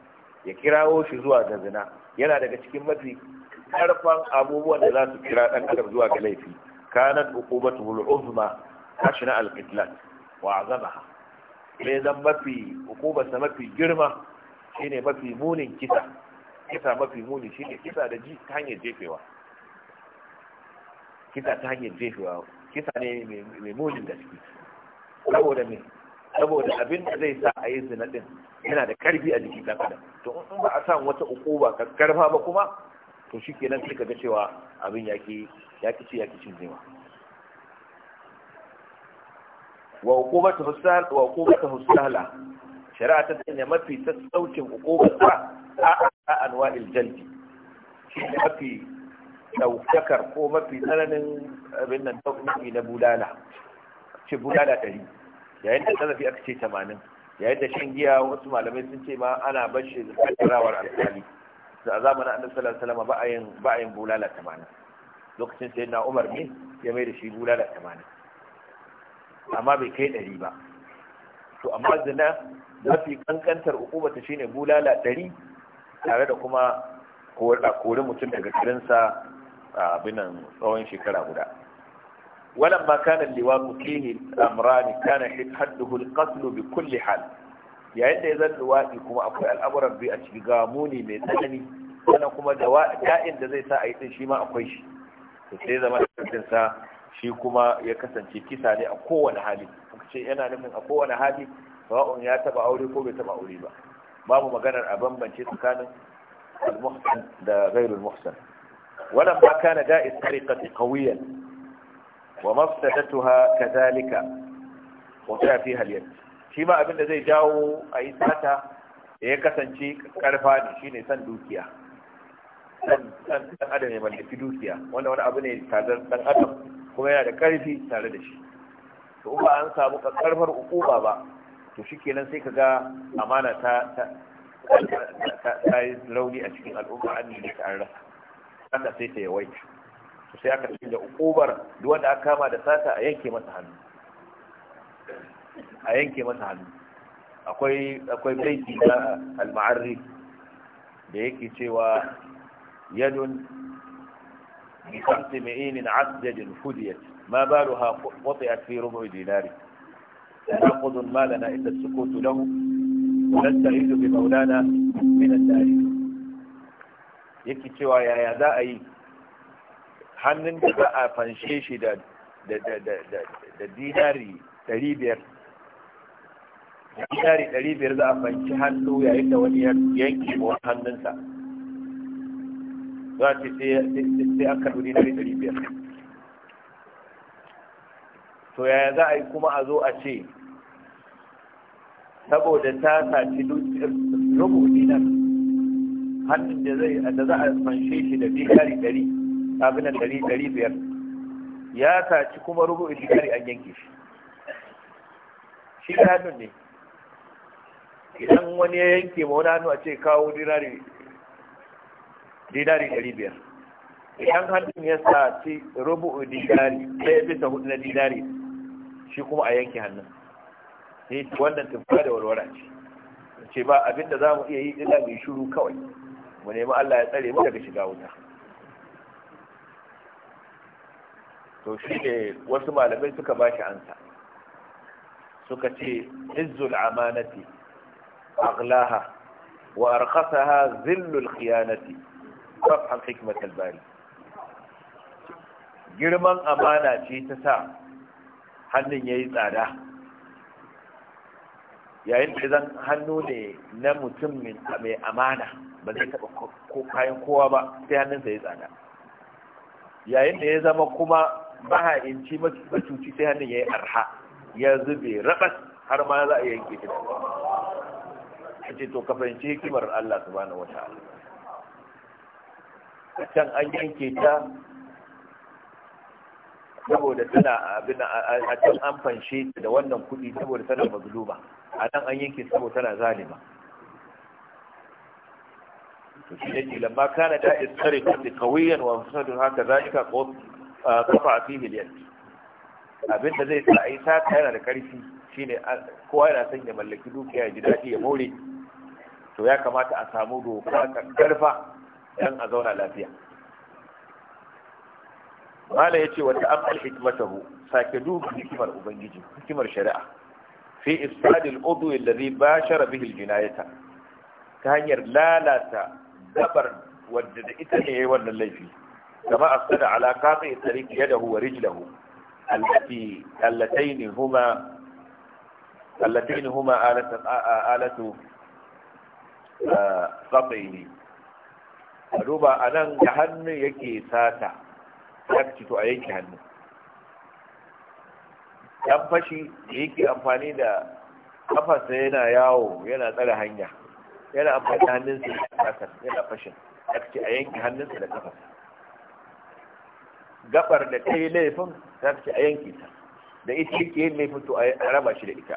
ya kirawo shi zuwa ga zina yana daga cikin mafi karfan abubuwan da za su kira ɗan adam zuwa ga laifi kanat hukumatu al-uzma ashna al-qitlan wa azamaha sai zan mafi hukumarsa mafi girma shine mafi munin kisa kisa mafi muni shine kisa da ji ta hanyar jefewa kisa ta hanyar jefewa kisa ne mai munin gaske saboda me saboda abin da zai sa a yi zina din yana da karfi a jikin dan adam to in ba a san wata ukuba karfa ba kuma to shikenan sai ga cewa abin yaki yaki ci yaki cin zima wa uqubatu husal wa uqubatu husala shari'a ta sanya mafi sassaucin uqubar sa a anwa'il jaldi shi ne mafi ɗaukakar ko mafi tsananin abin nan ɗaukaki na bulala ce bulala ɗari yayin da tsanafi aka ce tamanin yayin da shan giya wasu malamai sun ce ma ana bashi da kaddarawar alƙali a zamanin annabi sallallahu alaihi wasallam ba a yin bulala tamanin lokacin sai na umar ne ya mai da shi bulala tamanin amma bai kai ɗari ba to amma zina mafi kankantar ukubata shine bulala ɗari tare da kuma kori mutum daga kirinsa abinan tsawon shekara guda Wannan ma kana liwaku kini amrani kana hadduhu alqatl bi kulli hal yayin da ya zan luwaɗi kuma akwai al'amuran biyu a cikin gamuni mai tsanani sannan kuma da da'in da zai sa a yi din shi ma akwai shi to sai zama da sa shi kuma ya kasance kisa ne a kowane hali kuma ce yana nufin a kowane hali sawa'un ya taba aure ko bai taba aure ba babu maganar a bambance tsakanin al-muhsan da ghairul muhsan ولما كان داء السرقة قويا ومفسدتها كذلك وجاء فيها اليد شما أبن زي جاو أي ساتا يكسن شيء كرفاني شيني سندوكيا dan adam ya mallaki dukiya wanda wani abu ne tare dan adam kuma yana da karfi tare da shi to ba an samu karfar uku ba to shikenan sai kaga amana ta ta ta yi rauni a cikin al'umma an ne ta rasa haka sai ta yawaita to sai aka canja ukubar duk wanda aka kama da sata a yanke masa hannu a yanke masa hannu akwai akwai baiti na al-ma'arri da yake cewa yadun bi khamsi mi'inin 'asdadin fudiyat ma baluha wati'at fi rubu'i dinari ناخذ ما لنا الا السكوت له ونستعيذ بمولانا من التاريخ yake cewa yaya za a yi hannun da za a fanshe shi da dinari ɗari biyar dinari ɗari biyar za a fanshi hannu yayin da wani yanki ko hannunsa za a ce sai an karbi dinari ɗari biyar to yaya za a yi kuma a zo a ce saboda ta saci rubu dinar hannun da zai da za a fanshe shi da dinari dari abin dari dari biyar ya saci kuma rubu dinari an yanke shi shi hannun ne idan wani ya yanke ma wani hannu a ce kawo dinari dinari dari biyar idan hannun ya saci rubu dinari ɗaya bisa hudu na dinari shi kuma a yanke hannun ne wannan tumfa da walwala ce ce ba abinda za mu iya yi illa mai shuru kawai mu nemi Allah ya tsare mu daga shiga wuta to shi ne wasu malamai suka ba shi ansa suka ce izzul amanati Alaha, wa arqasaha zillul khiyanati fafhan hikmat albari girman amana ce ta sa hannun yayi tsada yayin da zan hannu ne na mutum mai amana ba zai taɓa kayan kowa ba sai hannunsa ya tsada yayin da ya zama kuma inci macuci sai hannun ya yi arha ya zube rabas har ma za a yanke shi a ce to kafin ce hikimar Allah subhanahu wata'ala a can an yanke ta saboda tana abin a can an fanshe da wannan kuɗi saboda tana mazluma a nan an yanke saboda tana zalima to shi yake lamma kana da istari kulli qawiyan wa fasadu haka zalika qad qafa fihi al-yad abinda zai sa ai ta yana da karfi shine kowa yana son ya mallaki dukiya ya ji daɗi ya more to ya kamata a samu doka karfa dan a zauna lafiya mala yace wa ta'ammal hikmatahu sake duba hikimar ubangiji hikimar shari'a fi ifsadil udwi alladhi bashara bihi aljinayata ta hanyar lalata dabar wadda da ita ne yayi wannan laifi kama afsada ala qati tariq yadahu wa rijlahu allati allatayn huma allatayn huma alatu alatu ah, qatihi duba anan da hannu yake sata ya to a yanke hannu yan fashi da yake amfani da kafarsa yana yawo yana tsare hanya yana amfani da hannunsa da kafar yana fashin aka ce a yanke hannunsa da kafar gabar da ta yi laifin ta ce a yanki ta da ita yake yin laifin to a raba shi da ita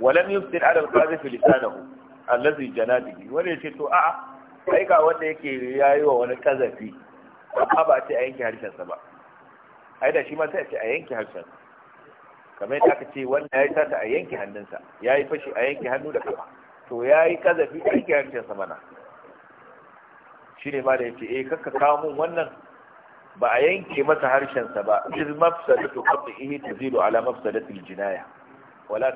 walam yuftir adam qazifi lisanahu allazi Wani ya yace to a'a kai wanda yake yayi wa wani kazafi amma ba ce a yanke harshen sa ba ai da shi ma sai a ce a yanke harshen kamar yadda aka ce wanda ya yi sata a yanke hannunsa ya yi fashi a yanke hannu da kafa to ya yi kazafi a yake harshensa mana shi ne ma da ya ce eh kakka kawo mun wannan ba a yanke masa harshensa ba da da ihe ta zilo ala mafsadati al-jinaya wala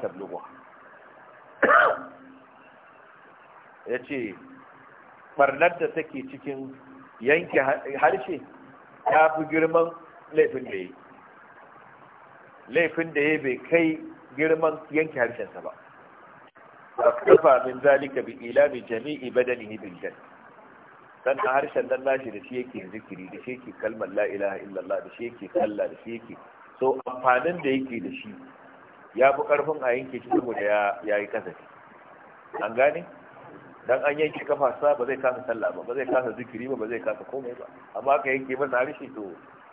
Ya ce ɓarnar da take cikin yanke harshe ta fi girman laifin da yi laifin da ya bai kai girman yanke harshensa ba فاكتفى من ذلك بإيلام جميع بدنه بالجنة dan a harshen nan nashi da shi yake zikiri da shi yake kalmar la ilaha illallah da shi yake kalla da shi yake so amfanin da yake da shi ya fi karfin a yanke shi saboda ya yi kasafi an gane dan an yanke kafa sa ba zai kasa sallah ba ba zai kasa zikiri ba ba zai kasa komai ba amma ka yanke masa harshe to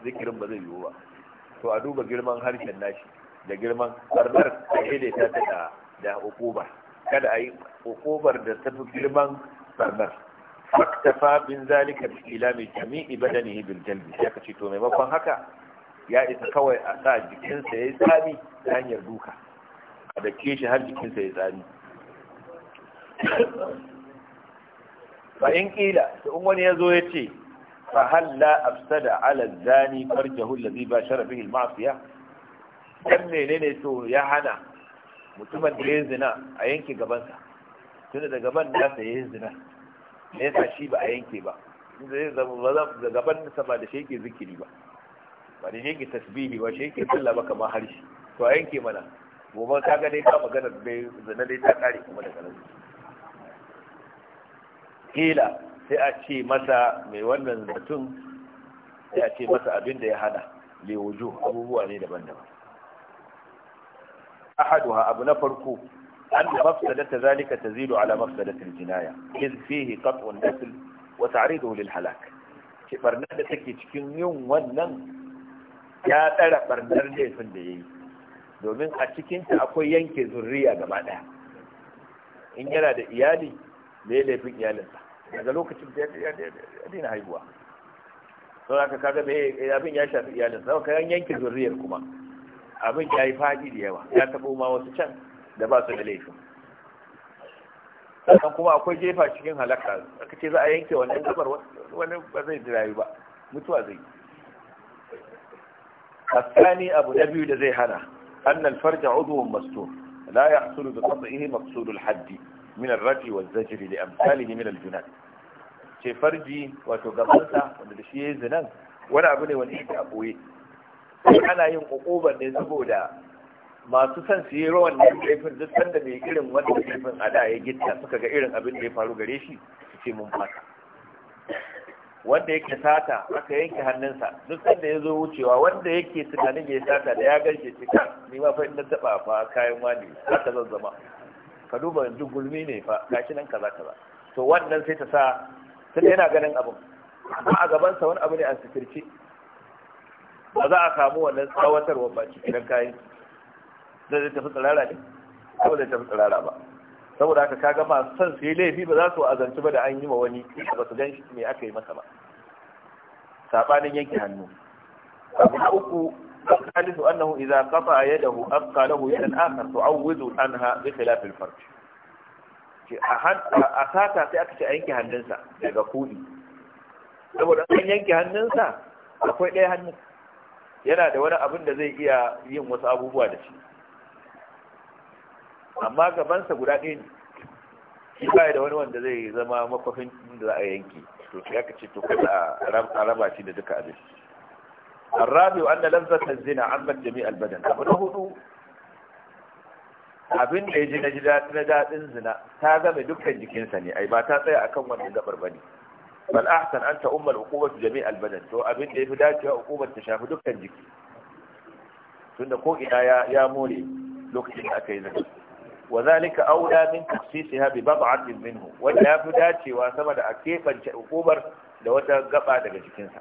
zikirin ba zai yiwu ba to a duba girman harshen nashi da girman karnar da ke da ta da da hukuma kada a yi hukumar da ta fi girman sannan faktafa bin zalika bi mai jami'i badanihi bil jalbi ya ka to maimakon haka ya isa kawai a sa jikinsa ya yi tsami ta hanyar duka a da shi har jikinsa ya tsami fa in kila to in wani yazo ya ce fa halla afsada ala zani farjahu alladhi ba bihi al-ma'siyah dan menene to ya hana mutumin da ya zina a yanke gabansa tunda da gaban nasa ya yi zina me yasa shi ba a yanke ba inda zai zama ba za da gaban da ba da shi zikiri ba ba da shi tasbihi ba shi yake sallah ba kamar harshe to a yanke mana gobe ka ga dai ka magana da zina dai ta kare kuma daga nan kila sai a ce masa mai wannan zatun sai a ce masa abin da ya hada lewujo abubuwa ne daban-daban أحدها abu na farko أن مفسدة ذلك تزيد على مفسدة الجناية إذ فيه قطع النسل وتعريضه للحلاك برنار da take cikin yin wannan ya tsara barnar laifin da ya yi domin a cikinta akwai yanke zurriya gaba ɗaya in yana da iyali da ya laifin iyalinsa daga lokacin da ya daina haihuwa sau da aka kaga abin ya shafi iyalinsa ka yanke zurriyar kuma abin ya yi faɗi da yawa ya taɓo ma wasu can da ba su da laifin sannan kuma akwai jefa cikin halaka aka ce za a yanke wannan gabar wani ba zai rayu ba mutuwa zai yi asani abu na biyu da zai hana annal farja udwun mastur la yahsulu bi qat'ihi maqsudul haddi min ar-rafi wal zajr li amsalihi min al-junat ce farji wato gabansa wanda da shi yayin zinan wani abu ne wanda yake a boye ana yin hukuban ne saboda masu son su yi rawan da kaifin duk sanda mai irin wanda kaifin a da ya gitta suka ga irin abin da ya faru gare shi su ce mun fata wanda yake sata aka yanke hannunsa duk sanda ya zo wucewa wanda yake tunanin ya sata da ya gaishe ce kan ni ma fa inda taba fa kayan wani haka zan zama ka duba yanzu gulmi ne fa gashi nan kaza kaza to wannan sai ta sa tun yana ganin abin amma a gabansa wani abu ne a sifirce ba za a samu wannan tsawatarwa ba ci idan kayi zai tafi tsirara ne ko zai tafi tsirara ba saboda haka ka gama son su yi laifi ba za su azanci ba da an yi ma wani ba su gan shi me aka yi masa ba sabanin yanke hannu abu na uku الثالث أنه إذا قطع يده أبقى له يدا آخر تعوض عنها بخلاف الفرج a sata sai aka ce a yanke hannunsa daga kudi saboda an yanke hannunsa akwai ɗaya hannun yana da wani abin da zai iya yin wasu abubuwa da shi amma gabansa guda ɗaya ne shi ba da wani wanda zai zama makwafin da za a yanki to sai aka ce to kada a raba shi da duka abin الرابع أن لذة الزنا al-Badan abu na hudu abin da ya ji na daɗin zina ta game dukkan jikinsa ne ai ba ta tsaya akan wannan gabar bane bal ahsan anta ummal uqubatu jami' al badan to abin da yafi dacewa uqubar ta shafi dukkan jiki tunda ko ina ya ya more lokacin da aka yi zaka wa zalika aula min tafsisiha bi bab'atin minhu wanda yafi dacewa sama da a kebance uqubar da wata gaba daga jikinsa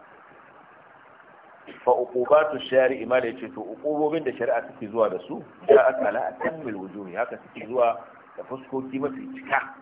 fa uqubatu shari'i ma da yace to uqubobin da shari'a take zuwa da su ja'at ala atammil wujuhi haka take zuwa da fuskoki mafi cika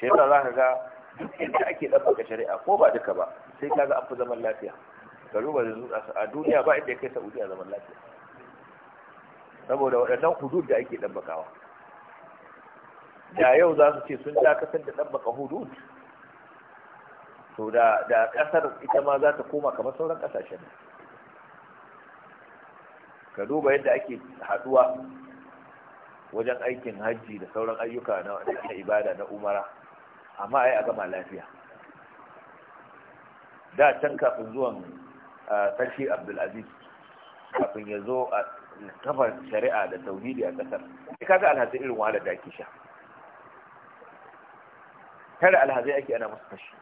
shi yasa za ka ga duk inda ake ɗabbaka shari'a ko ba duka ba sai ka ga an fi zaman lafiya ka duba da a duniya ba inda ya kai saudiya zaman lafiya saboda waɗannan hudud da ake ɗabbakawa da yau za su ce sun dakatar da ɗabbaka hudud to da da ƙasar ita ma za ta koma kamar sauran ƙasashen ka duba yadda ake haɗuwa wajen aikin hajji da sauran ayyuka na ibada na umara amma ai a gama lafiya da can kafin zuwan sarki abdulaziz kafin ya zo a kafa shari'a da tauhidi a kasar kaga alhazai irin wahala da ake sha tare alhazai ake ana musu fashi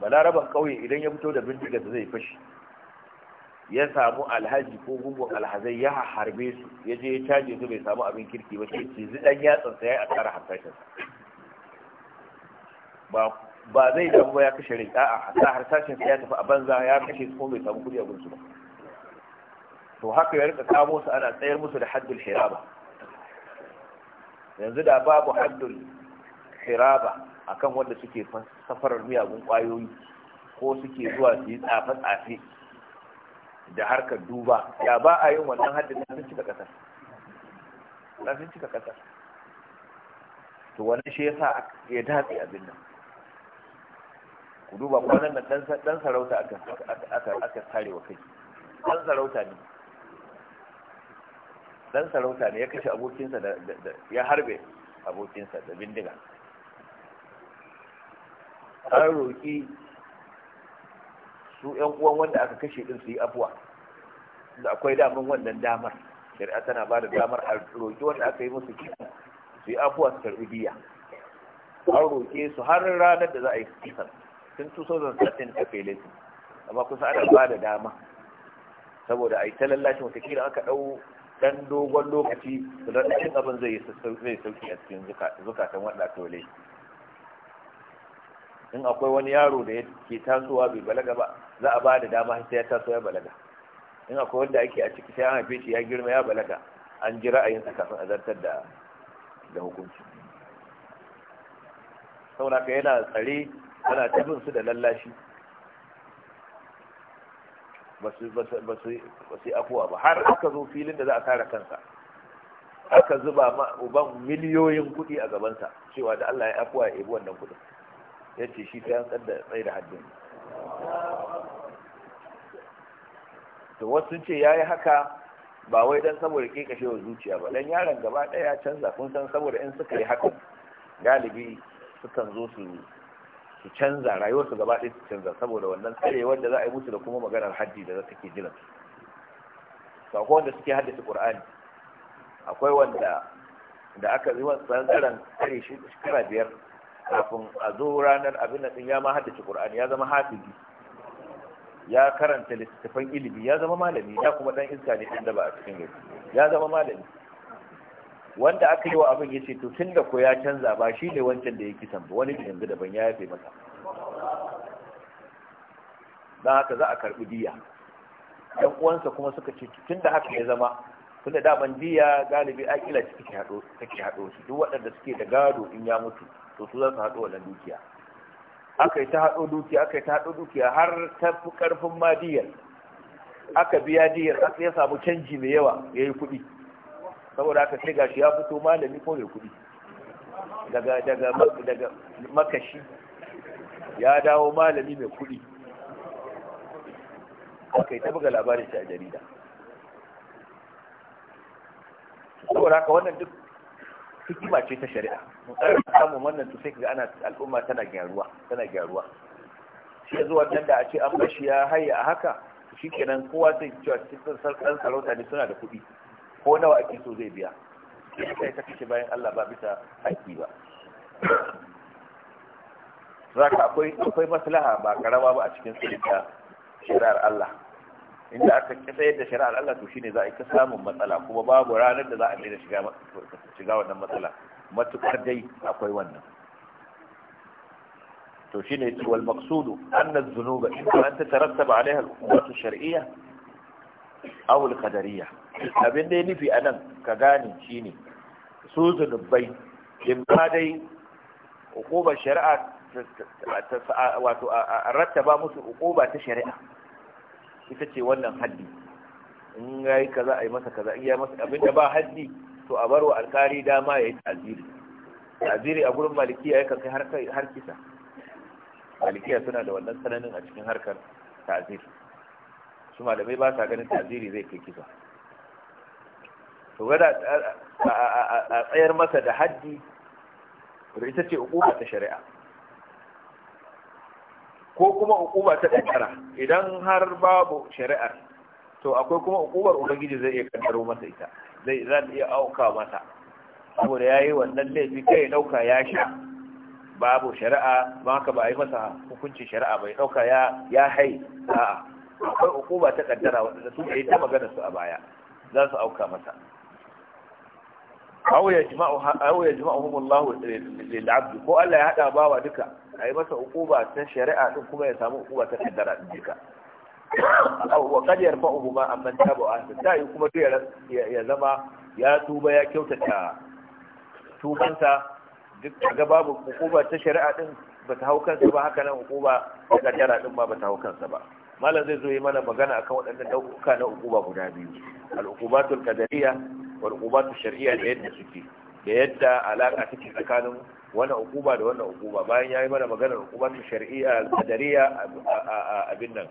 balaraban kauye idan ya fito da bindiga da zai fashi ya samu alhaji ko gungun alhazai ya harbe su ya je ya caje su bai samu abin kirki ba sai ci zidan yatsansa ya yi a tsara hasashensa ba zai damu ba ya kashe rai a'a hatta har sashen sai ya tafi a banza ya kashe su ko bai samu kuri a gunsu ba to haka ya rika kamo su ana tsayar musu da haddul hiraba yanzu da babu haddul hiraba akan wanda suke safarar miyagun kwayoyi ko suke zuwa su yi tsafe-tsafe da harkar duba ya ba a yin wannan haddin na sun cika kasar na sun cika kasar to wannan shi sa ya dace abin nan duba kwanan nan dan sarauta aka tare wa kai dan sarauta ne dan sarauta ne ya kashe abokinsa da ya harbe abokinsa da bindiga an roƙi su yan uwan wanda aka kashe din su yi abuwa da akwai damar wannan damar shari'a tana ba da damar a roƙi wanda aka yi musu kisa su yi abuwa su karɓi biya an roƙe su har ranar da za a yi kisan tun 2013 ta yi laifin amma kusa ana ba da dama saboda a yi ta lallashin watakila aka ɗau ɗan dogon lokaci su raɗaɗin abin zai yi sauki a cikin zukatan wanda aka in akwai wani yaro da ke tasowa bai balaga ba za a ba da dama sai ya taso ya balaga in akwai wanda ake a ciki sai an haife shi ya girma ya balaga an ji ra'ayinsa kafin a zartar da da hukunci saboda yana tsare ana ta bin su da lallashi ba su afuwa ba har aka zo filin da za a kare kansa aka zuba ma uban miliyoyin kuɗi a gabansa cewa da Allah ya afuwa ya ebi wannan kudin ya ce shi sai an tsada tsaye da haddin to wasu ce ya yi haka ba wai dan saboda wa zuciya ba dan yaron gaba ɗaya canza kun san saboda in suka yi hakan galibi sukan zo su su canza rayuwarsu gaba ɗaya su canza saboda wannan tsarewar da za a yi musu da kuma maganar haddi da za ta ke jiran su akwai wanda suke haddace ƙur'ani akwai wanda da aka yi tsantsaran tsare shekara biyar kafin a zo ranar abin da ya ma haddace ƙur'ani ya zama hafizi ya karanta littattafan ilimi ya zama malami ya kuma dan iska ne inda ba a cikin gari ya zama malami wanda aka yi wa abin ya ce to tun da ko ya canza ba shi ne wancan da ya kisan ba wani yanzu daban ya yafe masa Na haka za a karɓi diya ɗan uwansa kuma suka ce tun da haka ya zama tun da daman diya galibi akila kila haɗo take haɗo su duk waɗanda suke da gado in ya mutu to su za su haɗo wannan dukiya aka yi ta haɗo dukiya aka yi ta haɗo dukiya har ta fi ƙarfin ma diyar aka biya diyar aka ya samu canji mai yawa ya yi kuɗi saboda haka sai gashi ya fito malami ko mai kuɗi daga daga daga makashi ya dawo malami mai kuɗi aka yi ta buga labarin shi a jarida saboda haka wannan duk hikima ce ta shari'a mun samun wannan to sai ga ana al'umma tana gyaruwa tana gyaruwa shi zuwa nan da a ce an bashi ya haye a haka kenan kowa zai cewa cikin sarƙan sarauta ne suna da kuɗi ko nawa ake so zai biya sai ta kace bayan Allah ba bisa haƙi ba zaka akwai akwai maslaha ba karawa ba a cikin sulita shari'ar Allah inda aka kisayar da shari'ar Allah to shine za a ka samun matsala kuma babu ranar da za a daina shiga shiga wannan matsala matukar dai akwai wannan to shine wal maqsudu anna az-zunuba in ta tarattaba alaiha al-hukumat ash-shar'iyyah awul kadariya abin da ya nufi a nan ka gane shi ne su zunubai in ba dai hukumar shari'a wato a rattaba musu hukuma ta shari'a ita ce wannan haddi in ya yi kaza a yi masa kaza in ya masa abin da ba haddi to a barwa alkari dama ya yi taziri taziri a gurin malikiya ya kai har kisa malikiya suna da wannan sananin a cikin harkar taziri su malamai ba sa ganin tasiri zai kai kisa to gada a tsayar masa da haddi da ita ce hukuma ta shari'a ko kuma hukuma ta kankara idan har babu shari'ar to akwai kuma hukumar ubangiji zai iya kaddaro masa ita zai za ta iya auka masa saboda yayi wannan laifi kai ya dauka ya sha babu shari'a ba haka ba a yi masa hukuncin shari'a bai dauka ya ya hai a'a akwai hukuma ta kaddara wadanda su yi ta magana su a baya za su auka masa aw yajma'u aw yajma'uhum Allah lil ko Allah ya haɗa bawa duka ayi masa hukuma ta shari'a ɗin kuma ya samu hukuma ta kaddara din duka wa an manta ba a Ta yi kuma ya zama ya tuba ya kyautata tubansa duk ga babu hukuma ta shari'a ɗin ba ta hau kansa ba haka nan hukuma ta kaddara ɗin ma ba ta hau kansa ba malam zai zo yi mana magana akan waɗannan ɗaukuka na ukuba guda biyu al'ukubatul qadariya wal ukubatul shar'iyya da yadda suke da yadda alaka take tsakanin wannan ukuba da wannan ukuba bayan yayi mana maganar ukubatul shar'iyya qadariya abin nan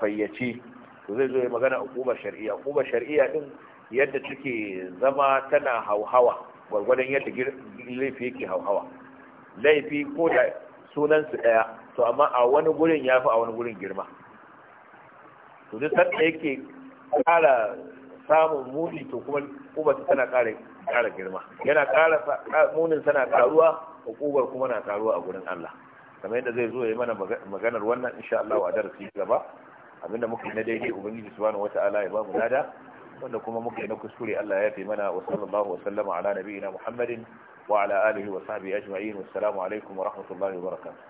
fayyaci to zai zo yi magana ukuba shar'iyya ukuba shar'iyya din yadda take zama tana hauhawa gwargwadon yadda laifi yake hauhawa laifi ko da sunansu ɗaya to amma a wani gurin ya fi a wani gurin girma to duk da yake ƙara samun muni to kuma hukumar tana ƙara ƙara girma yana kara munin tana karuwa hukumar kuma na karuwa a gurin Allah kamar yadda zai zo ya mana maganar wannan insha Allah a darasi gaba abinda muka yi na daidai ubangiji subhanahu wata'ala ya ba mu lada wanda kuma muka yi na kuskure Allah ya yafe mana wa sallallahu wa sallama ala nabiyina Muhammadin wa ala alihi wa sahbihi ajma'in wassalamu alaikum wa rahmatullahi wa barakatuh